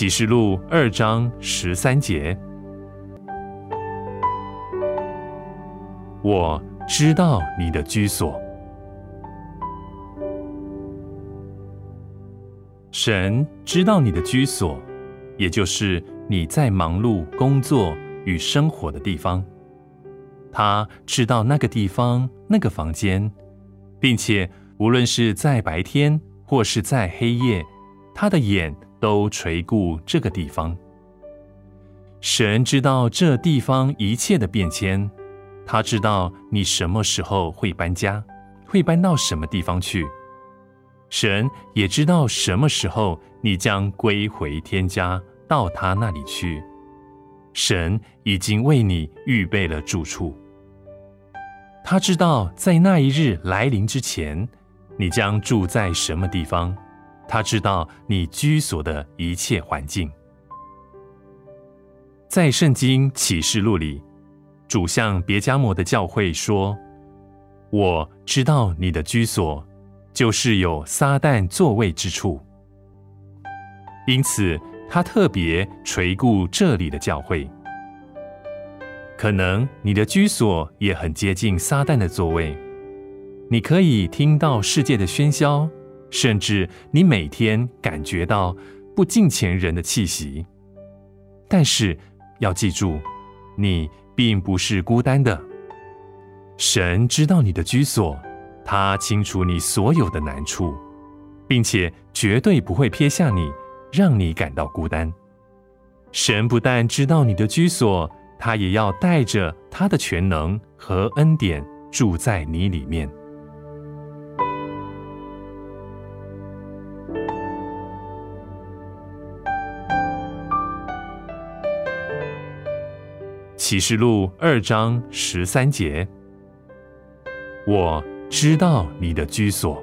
啟示錄二章十三節：我知道你的居所。神知道你的居所，也就是你在忙碌工作與生活的地方。他知道那個地方、那個房間，並且無論是在白天或是在黑夜，他的眼。都垂顧這個地方。神知道這地方一切的變遷，他知道你什麼時候會搬家，會搬到什麼地方去。神也知道什麼時候你將歸回天家，到他那裡去。神已經為你預備了住處。他知道在那一日來臨之前，你將住在什麼地方。他知道你居所的一切環境。在聖經啟示錄裡，主向別迦摩的教會說：“我知道你的居所，就是有撒旦座位之處。”因此，他特別垂顧這裡的教會。可能你的居所也很接近撒旦的座位，你可以聽到世界的喧囂。甚至你每天感覺到不近前人的氣息，但是要記住，你並不是孤單的。神知道你的居所，他清楚你所有的難處，並且絕對不會撇下你，讓你感到孤單。神不但知道你的居所，他也要帶着他的全能和恩典住在你裡面。啟示錄二章十三節：我知道你的居所。